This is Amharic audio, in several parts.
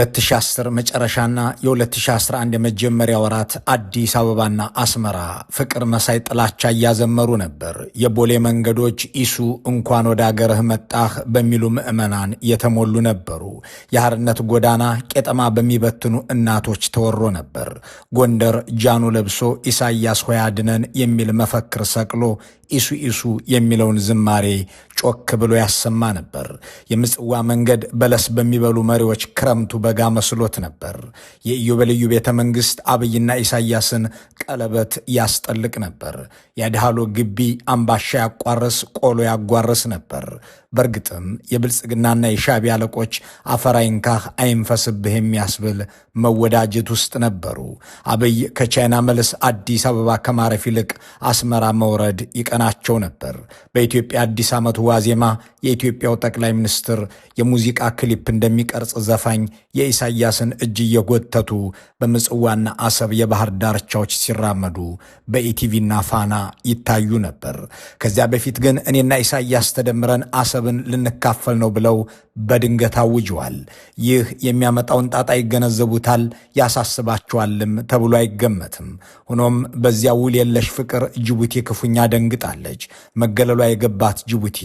2010 መጨረሻና የ2011 የመጀመሪያ ወራት አዲስ አበባና አስመራ ፍቅር መሳይ ጥላቻ እያዘመሩ ነበር። የቦሌ መንገዶች ኢሱ እንኳን ወደ አገርህ መጣህ በሚሉ ምዕመናን የተሞሉ ነበሩ። የሐርነት ጎዳና ቄጠማ በሚበትኑ እናቶች ተወሮ ነበር። ጎንደር ጃኑ ለብሶ ኢሳያስ ሆያድነን የሚል መፈክር ሰቅሎ ኢሱ ኢሱ የሚለውን ዝማሬ ጮክ ብሎ ያሰማ ነበር። የምጽዋ መንገድ በለስ በሚበሉ መሪዎች ክረምቱ በጋ መስሎት ነበር። የኢዮቤልዩ ቤተ መንግሥት አብይና ኢሳያስን ቀለበት ያስጠልቅ ነበር። የአድሃሎ ግቢ አምባሻ ያቋርስ፣ ቆሎ ያጓርስ ነበር። በእርግጥም የብልጽግናና የሻዕቢያ አለቆች አፈር አይንካህ አይንፈስብህ የሚያስብል መወዳጀት ውስጥ ነበሩ። አብይ ከቻይና መልስ አዲስ አበባ ከማረፍ ይልቅ አስመራ መውረድ ይቀ አድምጠናቸው ነበር። በኢትዮጵያ አዲስ ዓመት ዋዜማ የኢትዮጵያው ጠቅላይ ሚኒስትር የሙዚቃ ክሊፕ እንደሚቀርጽ ዘፋኝ የኢሳያስን እጅ እየጎተቱ በምጽዋና አሰብ የባህር ዳርቻዎች ሲራመዱ በኢቲቪና ፋና ይታዩ ነበር። ከዚያ በፊት ግን እኔና ኢሳያስ ተደምረን አሰብን ልንካፈል ነው ብለው በድንገት አውጀዋል። ይህ የሚያመጣውን ጣጣ ይገነዘቡታል፣ ያሳስባቸዋልም ተብሎ አይገመትም። ሆኖም በዚያ ውል የለሽ ፍቅር ጅቡቲ ክፉኛ ደንግጣል። ተገለጣለች። መገለሏ የገባት ጅቡቲ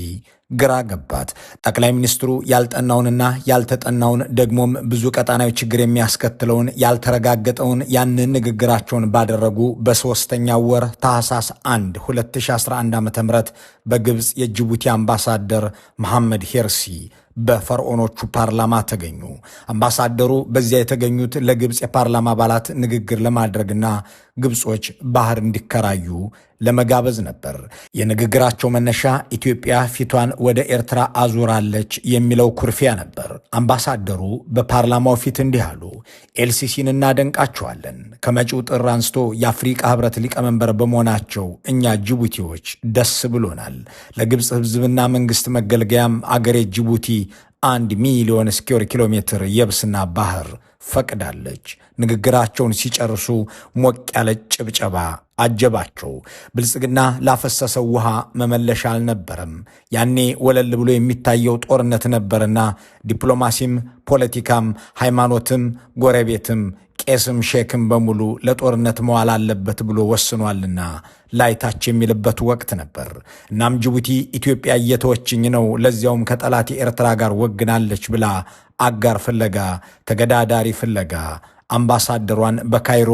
ግራ ገባት። ጠቅላይ ሚኒስትሩ ያልጠናውንና ያልተጠናውን ደግሞም ብዙ ቀጣናዊ ችግር የሚያስከትለውን ያልተረጋገጠውን ያንን ንግግራቸውን ባደረጉ በሶስተኛው ወር ታህሳስ 1 2011 .ም በግብፅ የጅቡቲ አምባሳደር መሐመድ ሄርሲ በፈርዖኖቹ ፓርላማ ተገኙ። አምባሳደሩ በዚያ የተገኙት ለግብፅ የፓርላማ አባላት ንግግር ለማድረግና ግብጾች ባህር እንዲከራዩ ለመጋበዝ ነበር። የንግግራቸው መነሻ ኢትዮጵያ ፊቷን ወደ ኤርትራ አዙራለች የሚለው ኩርፊያ ነበር። አምባሳደሩ በፓርላማው ፊት እንዲህ አሉ። ኤልሲሲን እናደንቃቸዋለን። ከመጪው ጥር አንስቶ የአፍሪቃ ህብረት ሊቀመንበር በመሆናቸው እኛ ጅቡቲዎች ደስ ብሎናል። ለግብፅ ህዝብና መንግስት መገልገያም አገሬ ጅቡቲ አንድ ሚሊዮን ስኪር ኪሎ ሜትር የብስና ባህር ፈቅዳለች። ንግግራቸውን ሲጨርሱ ሞቅ ያለ ጭብጨባ አጀባቸው። ብልጽግና ላፈሰሰው ውሃ መመለሻ አልነበረም። ያኔ ወለል ብሎ የሚታየው ጦርነት ነበርና ዲፕሎማሲም፣ ፖለቲካም፣ ሃይማኖትም፣ ጎረቤትም፣ ቄስም፣ ሼክም በሙሉ ለጦርነት መዋል አለበት ብሎ ወስኗልና ላይታች የሚልበት ወቅት ነበር። እናም ጅቡቲ ኢትዮጵያ እየተወችኝ ነው፣ ለዚያውም ከጠላት የኤርትራ ጋር ወግናለች ብላ አጋር ፍለጋ ተገዳዳሪ ፍለጋ አምባሳደሯን በካይሮ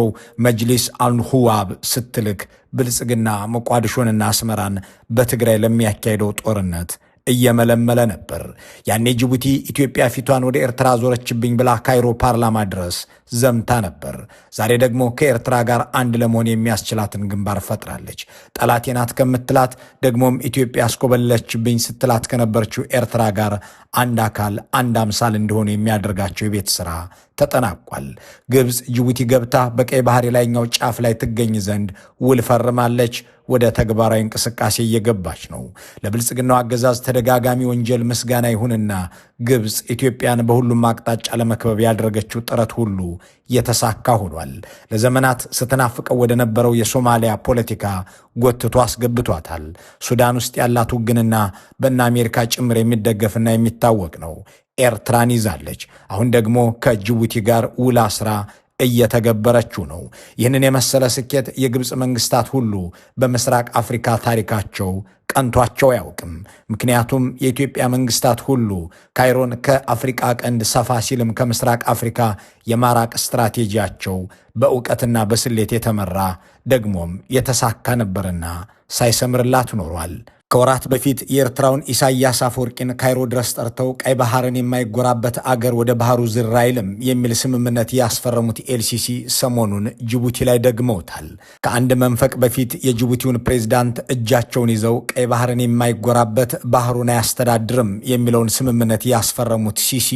መጅሊስ አልሁዋብ ስትልክ ብልጽግና ሞቃዲሾንና አስመራን በትግራይ ለሚያካሄደው ጦርነት እየመለመለ ነበር። ያኔ ጅቡቲ ኢትዮጵያ ፊቷን ወደ ኤርትራ ዞረችብኝ ብላ ካይሮ ፓርላማ ድረስ ዘምታ ነበር። ዛሬ ደግሞ ከኤርትራ ጋር አንድ ለመሆን የሚያስችላትን ግንባር ፈጥራለች። ጠላቴ ናት ከምትላት ደግሞም ኢትዮጵያ አስኮበለችብኝ ስትላት ከነበረችው ኤርትራ ጋር አንድ አካል አንድ አምሳል እንደሆኑ የሚያደርጋቸው የቤት ስራ ተጠናቋል። ግብፅ ጅቡቲ ገብታ በቀይ ባህር የላይኛው ጫፍ ላይ ትገኝ ዘንድ ውል ፈርማለች። ወደ ተግባራዊ እንቅስቃሴ እየገባች ነው። ለብልጽግናው አገዛዝ ተደጋጋሚ ወንጀል ምስጋና ይሁንና ግብፅ ኢትዮጵያን በሁሉም አቅጣጫ ለመክበብ ያደረገችው ጥረት ሁሉ የተሳካ ሆኗል። ለዘመናት ስትናፍቀው ወደ ነበረው የሶማሊያ ፖለቲካ ጎትቶ አስገብቷታል። ሱዳን ውስጥ ያላት ውግንና በእነ አሜሪካ ጭምር የሚደገፍና የሚ የሚታወቅ ነው። ኤርትራን ይዛለች። አሁን ደግሞ ከጅቡቲ ጋር ውላ ስራ እየተገበረችው ነው። ይህንን የመሰለ ስኬት የግብፅ መንግስታት ሁሉ በምስራቅ አፍሪካ ታሪካቸው ቀንቷቸው አያውቅም። ምክንያቱም የኢትዮጵያ መንግስታት ሁሉ ካይሮን ከአፍሪቃ ቀንድ ሰፋ ሲልም ከምስራቅ አፍሪካ የማራቅ ስትራቴጂያቸው በእውቀትና በስሌት የተመራ ደግሞም የተሳካ ነበርና ሳይሰምርላት ኖሯል። ከወራት በፊት የኤርትራውን ኢሳያስ አፈወርቂን ካይሮ ድረስ ጠርተው ቀይ ባህርን የማይጎራበት አገር ወደ ባህሩ ዝር አይልም የሚል ስምምነት ያስፈረሙት ኤልሲሲ ሰሞኑን ጅቡቲ ላይ ደግመውታል። ከአንድ መንፈቅ በፊት የጅቡቲውን ፕሬዝዳንት እጃቸውን ይዘው ቀይ ባህርን የማይጎራበት ባህሩን አያስተዳድርም የሚለውን ስምምነት ያስፈረሙት ሲሲ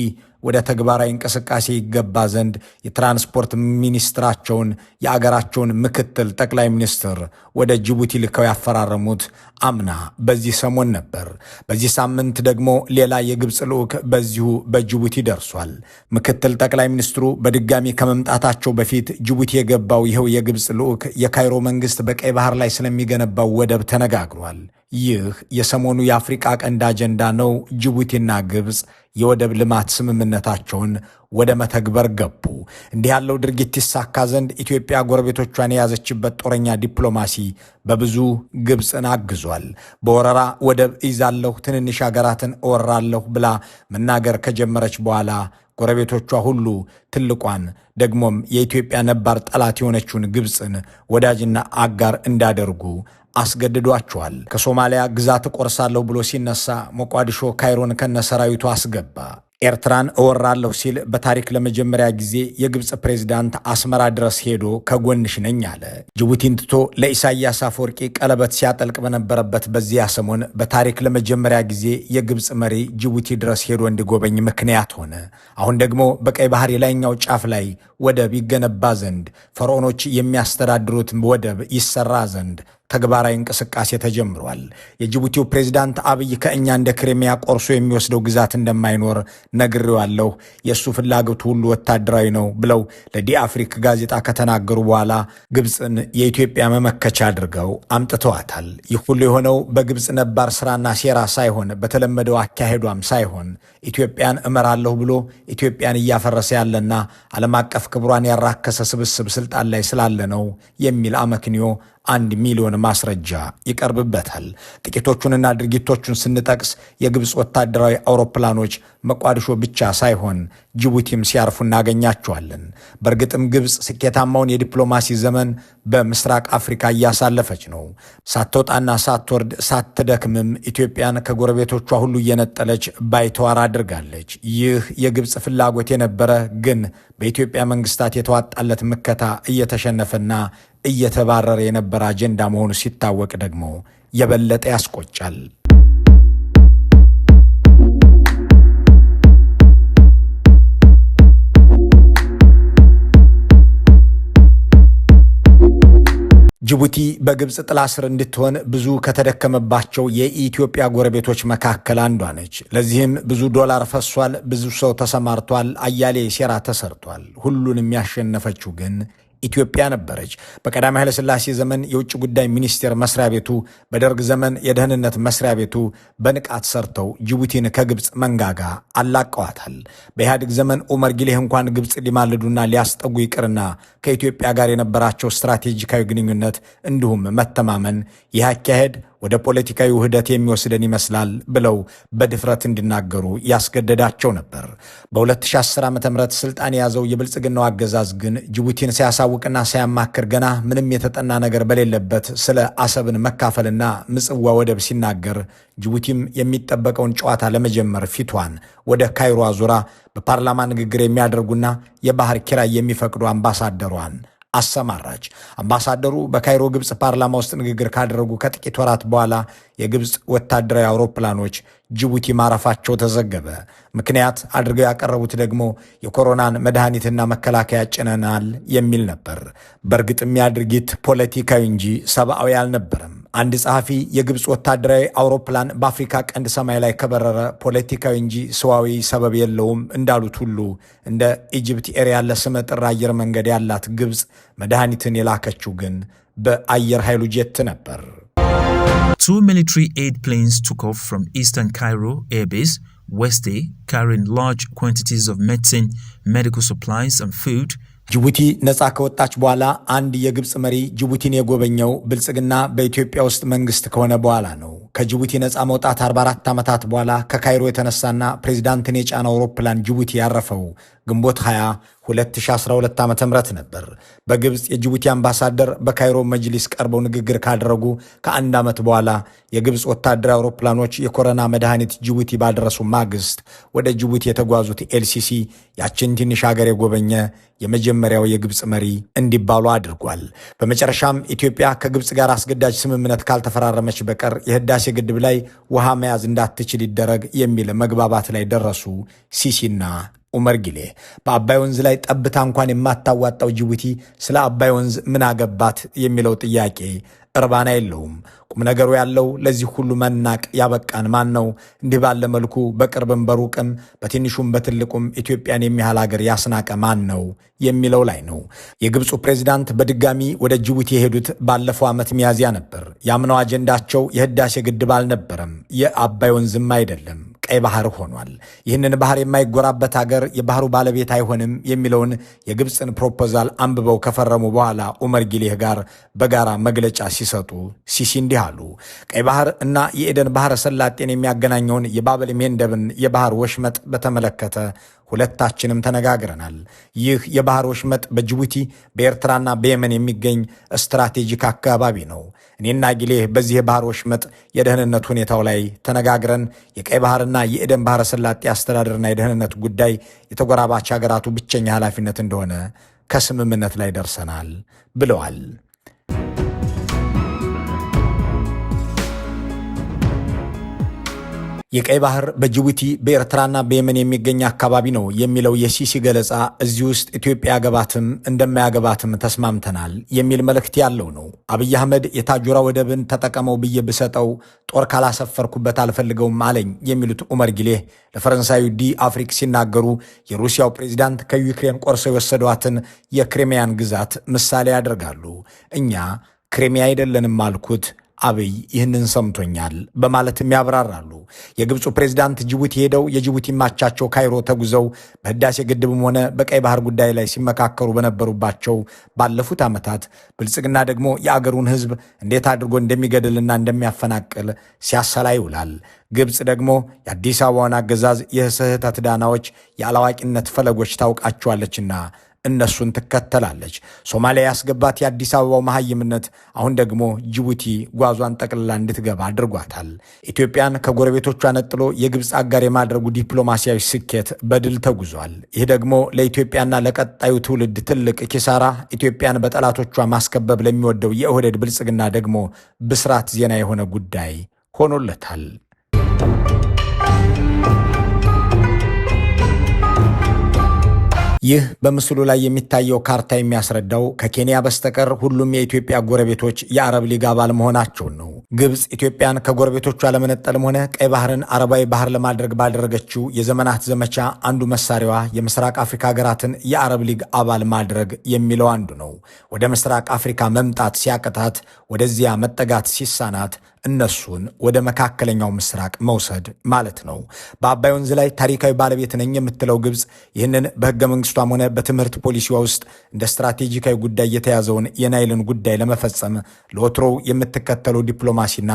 ወደ ተግባራዊ እንቅስቃሴ ይገባ ዘንድ የትራንስፖርት ሚኒስትራቸውን የአገራቸውን ምክትል ጠቅላይ ሚኒስትር ወደ ጅቡቲ ልከው ያፈራረሙት አምና በዚህ ሰሞን ነበር። በዚህ ሳምንት ደግሞ ሌላ የግብፅ ልዑክ በዚሁ በጅቡቲ ደርሷል። ምክትል ጠቅላይ ሚኒስትሩ በድጋሚ ከመምጣታቸው በፊት ጅቡቲ የገባው ይኸው የግብፅ ልዑክ የካይሮ መንግስት በቀይ ባህር ላይ ስለሚገነባው ወደብ ተነጋግሯል። ይህ የሰሞኑ የአፍሪቃ ቀንድ አጀንዳ ነው። ጅቡቲና ግብፅ የወደብ ልማት ስምምነታቸውን ወደ መተግበር ገቡ። እንዲህ ያለው ድርጊት ይሳካ ዘንድ ኢትዮጵያ ጎረቤቶቿን የያዘችበት ጦረኛ ዲፕሎማሲ በብዙ ግብፅን አግዟል። በወረራ ወደብ እይዛለሁ፣ ትንንሽ ሀገራትን እወራለሁ ብላ መናገር ከጀመረች በኋላ ጎረቤቶቿ ሁሉ ትልቋን ደግሞም የኢትዮጵያ ነባር ጠላት የሆነችውን ግብፅን ወዳጅና አጋር እንዳደርጉ አስገድዷቸዋል። ከሶማሊያ ግዛት እቆርሳለሁ ብሎ ሲነሳ ሞቃዲሾ ካይሮን ከነሰራዊቱ አስገባ። ኤርትራን እወራለሁ ሲል በታሪክ ለመጀመሪያ ጊዜ የግብፅ ፕሬዚዳንት አስመራ ድረስ ሄዶ ከጎንሽ ነኝ አለ። ጅቡቲን ትቶ ለኢሳያስ አፈወርቂ ቀለበት ሲያጠልቅ በነበረበት በዚያ ሰሞን በታሪክ ለመጀመሪያ ጊዜ የግብፅ መሪ ጅቡቲ ድረስ ሄዶ እንዲጎበኝ ምክንያት ሆነ። አሁን ደግሞ በቀይ ባህር የላይኛው ጫፍ ላይ ወደብ ይገነባ ዘንድ፣ ፈርዖኖች የሚያስተዳድሩት ወደብ ይሰራ ዘንድ ተግባራዊ እንቅስቃሴ ተጀምሯል። የጅቡቲው ፕሬዚዳንት አብይ ከእኛ እንደ ክሬሚያ ቆርሶ የሚወስደው ግዛት እንደማይኖር ነግሬዋለሁ፣ የእሱ ፍላጎቱ ሁሉ ወታደራዊ ነው ብለው ለዲ አፍሪክ ጋዜጣ ከተናገሩ በኋላ ግብፅን የኢትዮጵያ መመከቻ አድርገው አምጥተዋታል። ይህ ሁሉ የሆነው በግብፅ ነባር ስራና ሴራ ሳይሆን በተለመደው አካሄዷም ሳይሆን ኢትዮጵያን እመራለሁ ብሎ ኢትዮጵያን እያፈረሰ ያለና ዓለም አቀፍ ክብሯን ያራከሰ ስብስብ ስልጣን ላይ ስላለ ነው የሚል አመክንዮ አንድ ሚሊዮን ማስረጃ ይቀርብበታል። ጥቂቶቹንና ድርጊቶቹን ስንጠቅስ የግብፅ ወታደራዊ አውሮፕላኖች መቋድሾ ብቻ ሳይሆን ጅቡቲም ሲያርፉ እናገኛቸዋለን። በእርግጥም ግብፅ ስኬታማውን የዲፕሎማሲ ዘመን በምስራቅ አፍሪካ እያሳለፈች ነው። ሳትወጣና ሳትወርድ ሳትደክምም ኢትዮጵያን ከጎረቤቶቿ ሁሉ እየነጠለች ባይተዋር አድርጋለች። ይህ የግብፅ ፍላጎት የነበረ ግን በኢትዮጵያ መንግስታት የተዋጣለት ምከታ እየተሸነፈና እየተባረረ የነበረ አጀንዳ መሆኑ ሲታወቅ ደግሞ የበለጠ ያስቆጫል። ጅቡቲ በግብፅ ጥላ ስር እንድትሆን ብዙ ከተደከመባቸው የኢትዮጵያ ጎረቤቶች መካከል አንዷ ነች። ለዚህም ብዙ ዶላር ፈሷል፣ ብዙ ሰው ተሰማርቷል፣ አያሌ ሴራ ተሰርቷል። ሁሉን የሚያሸነፈችው ግን ኢትዮጵያ ነበረች። በቀዳማዊ ኃይለሥላሴ ዘመን የውጭ ጉዳይ ሚኒስቴር መስሪያ ቤቱ፣ በደርግ ዘመን የደህንነት መስሪያ ቤቱ በንቃት ሰርተው ጅቡቲን ከግብፅ መንጋጋ አላቀዋታል። በኢህአዴግ ዘመን ኡመር ጊሌህ እንኳን ግብፅ ሊማልዱና ሊያስጠጉ ይቅርና ከኢትዮጵያ ጋር የነበራቸው ስትራቴጂካዊ ግንኙነት እንዲሁም መተማመን ይህ አካሄድ ወደ ፖለቲካዊ ውህደት የሚወስደን ይመስላል ብለው በድፍረት እንዲናገሩ ያስገደዳቸው ነበር። በ2010 ዓ ም ስልጣን የያዘው የብልጽግናው አገዛዝ ግን ጅቡቲን ሲያሳውቅና ሳያማክር ገና ምንም የተጠና ነገር በሌለበት ስለ አሰብን መካፈልና ምጽዋ ወደብ ሲናገር ጅቡቲም የሚጠበቀውን ጨዋታ ለመጀመር ፊቷን ወደ ካይሮ አዙራ በፓርላማ ንግግር የሚያደርጉና የባህር ኪራይ የሚፈቅዱ አምባሳደሯን አሰማራች። አምባሳደሩ በካይሮ ግብፅ ፓርላማ ውስጥ ንግግር ካደረጉ ከጥቂት ወራት በኋላ የግብፅ ወታደራዊ አውሮፕላኖች ጅቡቲ ማረፋቸው ተዘገበ። ምክንያት አድርገው ያቀረቡት ደግሞ የኮሮናን መድኃኒትና መከላከያ ጭነናል የሚል ነበር። በእርግጥም ያ ድርጊት ፖለቲካዊ እንጂ ሰብአዊ አልነበረም። አንድ ጸሐፊ የግብፅ ወታደራዊ አውሮፕላን በአፍሪካ ቀንድ ሰማይ ላይ ከበረረ ፖለቲካዊ እንጂ ሰዋዊ ሰበብ የለውም እንዳሉት ሁሉ እንደ ኢጅፕት ኤር ያለ ስመጥር አየር መንገድ ያላት ግብፅ መድኃኒትን የላከችው ግን በአየር ኃይሉ ጄት ነበር። ቱ ሚሊታሪ ኤድ ፕሌንስ ቱክ ኦፍ ፍሮም ኢስተርን ካይሮ ኤርቤዝ ዌስዴይ ካሪንግ ጅቡቲ ነጻ ከወጣች በኋላ አንድ የግብፅ መሪ ጅቡቲን የጎበኘው ብልጽግና በኢትዮጵያ ውስጥ መንግስት ከሆነ በኋላ ነው። ከጅቡቲ ነፃ መውጣት 44 ዓመታት በኋላ ከካይሮ የተነሳና ፕሬዚዳንትን የጫነ አውሮፕላን ጅቡቲ ያረፈው ግንቦት 20 2012 ዓ ም ነበር። በግብፅ የጅቡቲ አምባሳደር በካይሮ መጅሊስ ቀርበው ንግግር ካደረጉ ከአንድ ዓመት በኋላ የግብፅ ወታደራዊ አውሮፕላኖች የኮረና መድኃኒት ጅቡቲ ባደረሱ ማግስት ወደ ጅቡቲ የተጓዙት ኤልሲሲ ያችን ትንሽ ሀገር የጎበኘ የመጀመሪያው የግብፅ መሪ እንዲባሉ አድርጓል። በመጨረሻም ኢትዮጵያ ከግብፅ ጋር አስገዳጅ ስምምነት ካልተፈራረመች በቀር የህዳሴ በህዳሴ ግድብ ላይ ውሃ መያዝ እንዳትችል ይደረግ የሚል መግባባት ላይ ደረሱ ሲሲና ኡመር ጊሌ። በአባይ ወንዝ ላይ ጠብታ እንኳን የማታዋጣው ጅቡቲ ስለ አባይ ወንዝ ምን አገባት የሚለው ጥያቄ እርባና የለውም። ቁም ነገሩ ያለው ለዚህ ሁሉ መናቅ ያበቃን ማን ነው? እንዲህ ባለ መልኩ በቅርብም በሩቅም በትንሹም በትልቁም ኢትዮጵያን የሚያህል ሀገር ያስናቀ ማን ነው የሚለው ላይ ነው። የግብፁ ፕሬዚዳንት በድጋሚ ወደ ጅቡቲ የሄዱት ባለፈው ዓመት ሚያዝያ ነበር። ያምነው አጀንዳቸው የህዳሴ ግድብ አልነበረም፣ የአባይ ወንዝም አይደለም ቀይ ባህር ሆኗል። ይህንን ባህር የማይጎራበት ሀገር የባህሩ ባለቤት አይሆንም የሚለውን የግብፅን ፕሮፖዛል አንብበው ከፈረሙ በኋላ ኡመር ጊሌህ ጋር በጋራ መግለጫ ሲሰጡ ሲሲ እንዲህ አሉ። ቀይ ባህር እና የኤደን ባህረ ሰላጤን የሚያገናኘውን የባበል ሜንደብን የባህር ወሽመጥ በተመለከተ ሁለታችንም ተነጋግረናል። ይህ የባህር ወሽመጥ በጅቡቲ በኤርትራና በየመን የሚገኝ ስትራቴጂክ አካባቢ ነው። እኔና ጊሌ በዚህ የባህር ወሽመጥ የደህንነት ሁኔታው ላይ ተነጋግረን የቀይ ባህርና የኤደን ባህረ ሰላጤ አስተዳደርና የደህንነት ጉዳይ የተጎራባች ሀገራቱ ብቸኛ ኃላፊነት እንደሆነ ከስምምነት ላይ ደርሰናል ብለዋል። የቀይ ባህር በጅቡቲ በኤርትራና በየመን የሚገኝ አካባቢ ነው የሚለው የሲሲ ገለጻ እዚህ ውስጥ ኢትዮጵያ ገባትም እንደማያገባትም ተስማምተናል የሚል መልእክት ያለው ነው። አብይ አህመድ የታጆራ ወደብን ተጠቀመው ብዬ ብሰጠው ጦር ካላሰፈርኩበት አልፈልገውም አለኝ የሚሉት ኡመር ጊሌህ ለፈረንሳዩ ዲ አፍሪክ ሲናገሩ የሩሲያው ፕሬዚዳንት ከዩክሬን ቆርሰው የወሰዷትን የክሪሚያን ግዛት ምሳሌ ያደርጋሉ። እኛ ክሪሚያ አይደለንም አልኩት አብይ ይህንን ሰምቶኛል በማለትም ያብራራሉ። የግብፁ ፕሬዝዳንት ጅቡቲ ሄደው የጅቡቲ ማቻቸው ካይሮ ተጉዘው በህዳሴ ግድብም ሆነ በቀይ ባህር ጉዳይ ላይ ሲመካከሩ በነበሩባቸው ባለፉት ዓመታት ብልጽግና ደግሞ የአገሩን ህዝብ እንዴት አድርጎ እንደሚገድልና እንደሚያፈናቅል ሲያሰላ ይውላል። ግብፅ ደግሞ የአዲስ አበባን አገዛዝ የስህተት ዳናዎች፣ የአላዋቂነት ፈለጎች ታውቃቸዋለችና እነሱን ትከተላለች። ሶማሊያ ያስገባት የአዲስ አበባው መሐይምነት አሁን ደግሞ ጅቡቲ ጓዟን ጠቅልላ እንድትገባ አድርጓታል። ኢትዮጵያን ከጎረቤቶቿ ነጥሎ የግብፅ አጋር የማድረጉ ዲፕሎማሲያዊ ስኬት በድል ተጉዟል። ይህ ደግሞ ለኢትዮጵያና ለቀጣዩ ትውልድ ትልቅ ኪሳራ፣ ኢትዮጵያን በጠላቶቿ ማስከበብ ለሚወደው የኦህዴድ ብልጽግና ደግሞ ብስራት ዜና የሆነ ጉዳይ ሆኖለታል። ይህ በምስሉ ላይ የሚታየው ካርታ የሚያስረዳው ከኬንያ በስተቀር ሁሉም የኢትዮጵያ ጎረቤቶች የአረብ ሊግ አባል መሆናቸውን ነው። ግብፅ ኢትዮጵያን ከጎረቤቶቿ ለመነጠልም ሆነ ቀይ ባህርን አረባዊ ባህር ለማድረግ ባደረገችው የዘመናት ዘመቻ አንዱ መሳሪያዋ የምስራቅ አፍሪካ ሀገራትን የአረብ ሊግ አባል ማድረግ የሚለው አንዱ ነው። ወደ ምስራቅ አፍሪካ መምጣት ሲያቅታት፣ ወደዚያ መጠጋት ሲሳናት እነሱን ወደ መካከለኛው ምስራቅ መውሰድ ማለት ነው። በአባይ ወንዝ ላይ ታሪካዊ ባለቤት ነኝ የምትለው ግብፅ ይህንን በህገ መንግስቷም ሆነ በትምህርት ፖሊሲዋ ውስጥ እንደ ስትራቴጂካዊ ጉዳይ የተያዘውን የናይልን ጉዳይ ለመፈጸም ለወትሮው የምትከተለው ዲፕሎማሲና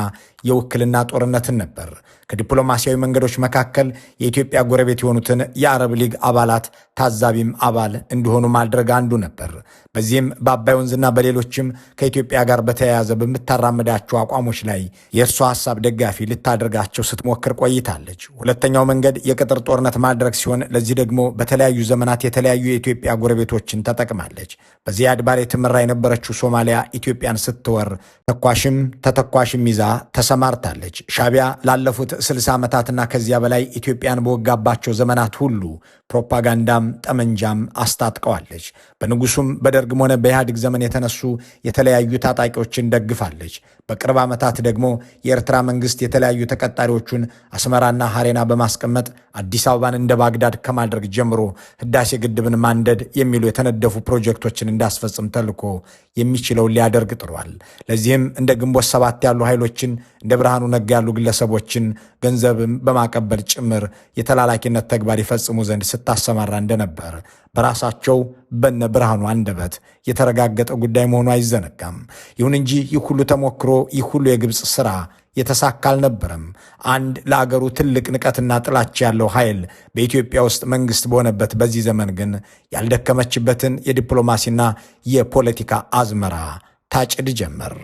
የውክልና ጦርነትን ነበር። ከዲፕሎማሲያዊ መንገዶች መካከል የኢትዮጵያ ጎረቤት የሆኑትን የአረብ ሊግ አባላት ታዛቢም አባል እንዲሆኑ ማድረግ አንዱ ነበር። በዚህም በአባይ ወንዝና በሌሎችም ከኢትዮጵያ ጋር በተያያዘ በምታራምዳቸው አቋሞች ላይ የእርሷ ሀሳብ ደጋፊ ልታደርጋቸው ስትሞክር ቆይታለች። ሁለተኛው መንገድ የቅጥር ጦርነት ማድረግ ሲሆን ለዚህ ደግሞ በተለያዩ ዘመናት የተለያዩ የኢትዮጵያ ጎረቤቶችን ተጠቅማለች። በዚያድ ባሬ ትምራ የነበረችው ሶማሊያ ኢትዮጵያን ስትወር ተኳሽም ተተኳሽም ይዛ ተሰማርታለች። ሻቢያ ላለፉት 60 ዓመታትና ከዚያ በላይ ኢትዮጵያን በወጋባቸው ዘመናት ሁሉ ፕሮፓጋንዳም ጠመንጃም አስታጥቀዋለች። በንጉሱም በደ በደርግም ሆነ በኢህአዴግ ዘመን የተነሱ የተለያዩ ታጣቂዎችን ደግፋለች። በቅርብ ዓመታት ደግሞ የኤርትራ መንግስት የተለያዩ ተቀጣሪዎቹን አስመራና ሐሬና በማስቀመጥ አዲስ አበባን እንደ ባግዳድ ከማድረግ ጀምሮ ህዳሴ ግድብን ማንደድ የሚሉ የተነደፉ ፕሮጀክቶችን እንዳስፈጽም ተልኮ የሚችለውን ሊያደርግ ጥሯል። ለዚህም እንደ ግንቦት ሰባት ያሉ ኃይሎችን እንደ ብርሃኑ ነጋ ያሉ ግለሰቦችን ገንዘብም በማቀበል ጭምር የተላላኪነት ተግባር ይፈጽሙ ዘንድ ስታሰማራ እንደነበር በራሳቸው በነ ብርሃኑ አንደበት እውነት የተረጋገጠ ጉዳይ መሆኑ አይዘነጋም። ይሁን እንጂ ይህ ሁሉ ተሞክሮ፣ ይህ ሁሉ የግብፅ ሥራ የተሳካ አልነበረም። አንድ ለአገሩ ትልቅ ንቀትና ጥላቻ ያለው ኃይል በኢትዮጵያ ውስጥ መንግሥት በሆነበት በዚህ ዘመን ግን ያልደከመችበትን የዲፕሎማሲና የፖለቲካ አዝመራ ታጭድ ጀመር።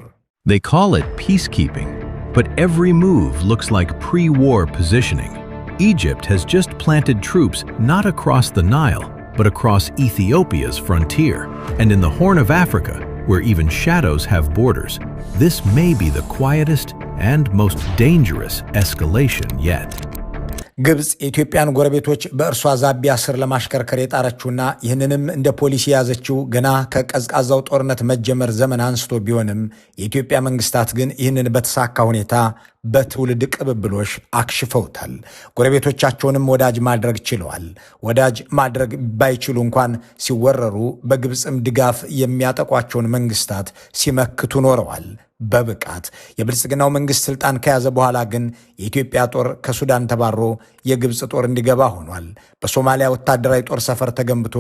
They call it peacekeeping, but every move looks like pre-war positioning. Egypt has just planted troops not across the Nile, but across Ethiopia's frontier and in the Horn of Africa, where even shadows have borders, this may be the quietest and most dangerous escalation yet. ግብፅ የኢትዮጵያን ጎረቤቶች በእርሷ ዛቢያ ስር ለማሽከርከር የጣረችውና ይህንንም እንደ ፖሊሲ የያዘችው ገና ከቀዝቃዛው ጦርነት መጀመር ዘመን አንስቶ ቢሆንም የኢትዮጵያ መንግስታት ግን ይህንን በተሳካ ሁኔታ በትውልድ ቅብብሎሽ አክሽፈውታል። ጎረቤቶቻቸውንም ወዳጅ ማድረግ ችለዋል። ወዳጅ ማድረግ ባይችሉ እንኳን ሲወረሩ በግብፅም ድጋፍ የሚያጠቋቸውን መንግስታት ሲመክቱ ኖረዋል። በብቃት የብልጽግናው መንግስት ስልጣን ከያዘ በኋላ ግን የኢትዮጵያ ጦር ከሱዳን ተባሮ የግብፅ ጦር እንዲገባ ሆኗል። በሶማሊያ ወታደራዊ ጦር ሰፈር ተገንብቶ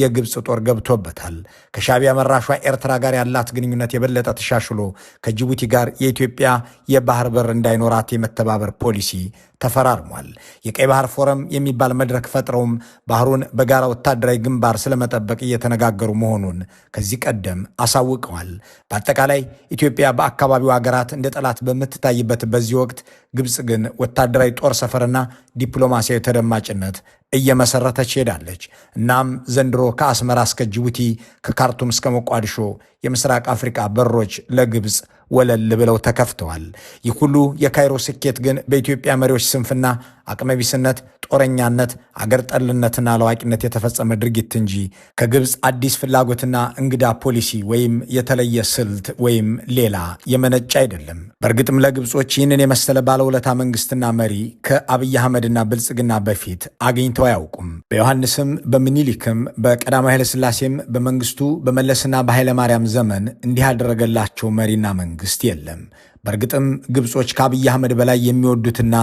የግብፅ ጦር ገብቶበታል። ከሻቢያ መራሿ ኤርትራ ጋር ያላት ግንኙነት የበለጠ ተሻሽሎ ከጅቡቲ ጋር የኢትዮጵያ የባህር በር እንዳ እንዳይኖራት የመተባበር ፖሊሲ ተፈራርሟል። የቀይ ባህር ፎረም የሚባል መድረክ ፈጥረውም ባህሩን በጋራ ወታደራዊ ግንባር ስለመጠበቅ እየተነጋገሩ መሆኑን ከዚህ ቀደም አሳውቀዋል። በአጠቃላይ ኢትዮጵያ በአካባቢው ሀገራት እንደ ጠላት በምትታይበት በዚህ ወቅት ግብፅ ግን ወታደራዊ ጦር ሰፈርና ዲፕሎማሲያዊ ተደማጭነት እየመሰረተች ሄዳለች። እናም ዘንድሮ ከአስመራ እስከ ጅቡቲ ከካርቱም እስከ ሞቃዲሾ የምስራቅ አፍሪካ በሮች ለግብፅ ወለል ብለው ተከፍተዋል። ይህ ሁሉ የካይሮ ስኬት ግን በኢትዮጵያ መሪዎች ስንፍና፣ አቅመቢስነት፣ ጦረኛነት፣ አገር ጠልነትና አላዋቂነት የተፈጸመ ድርጊት እንጂ ከግብፅ አዲስ ፍላጎትና እንግዳ ፖሊሲ ወይም የተለየ ስልት ወይም ሌላ የመነጨ አይደለም። በእርግጥም ለግብጾች ይህንን የመሰለ ባለውለታ መንግስትና መሪ ከአብይ አህመድና ብልጽግና በፊት አግኝተው አያውቁም። በዮሐንስም በምኒሊክም በቀዳማዊ ኃይለሥላሴም በመንግስቱ በመለስና በኃይለማርያም ዘመን እንዲህ ያደረገላቸው መሪና መንግስት መንግሥት የለም። በእርግጥም ግብጾች ከአብይ አህመድ በላይ የሚወዱትና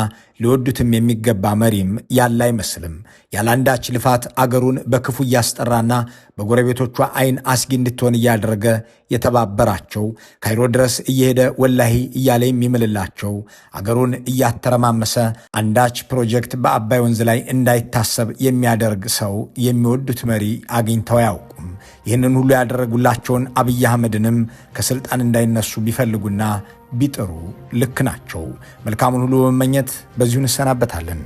ሊወዱትም የሚገባ መሪም ያለ አይመስልም። ያለአንዳች ልፋት አገሩን በክፉ እያስጠራና በጎረቤቶቿ አይን አስጊ እንድትሆን እያደረገ የተባበራቸው ካይሮ ድረስ እየሄደ ወላሂ እያለ የሚምልላቸው አገሩን እያተረማመሰ አንዳች ፕሮጀክት በአባይ ወንዝ ላይ እንዳይታሰብ የሚያደርግ ሰው የሚወዱት መሪ አግኝተው አያውቁም። ይህንን ሁሉ ያደረጉላቸውን አብይ አህመድንም ከስልጣን እንዳይነሱ ቢፈልጉና ቢጥሩ ልክ ናቸው። መልካሙን ሁሉ በመመኘት በዚሁ እንሰናበታለን።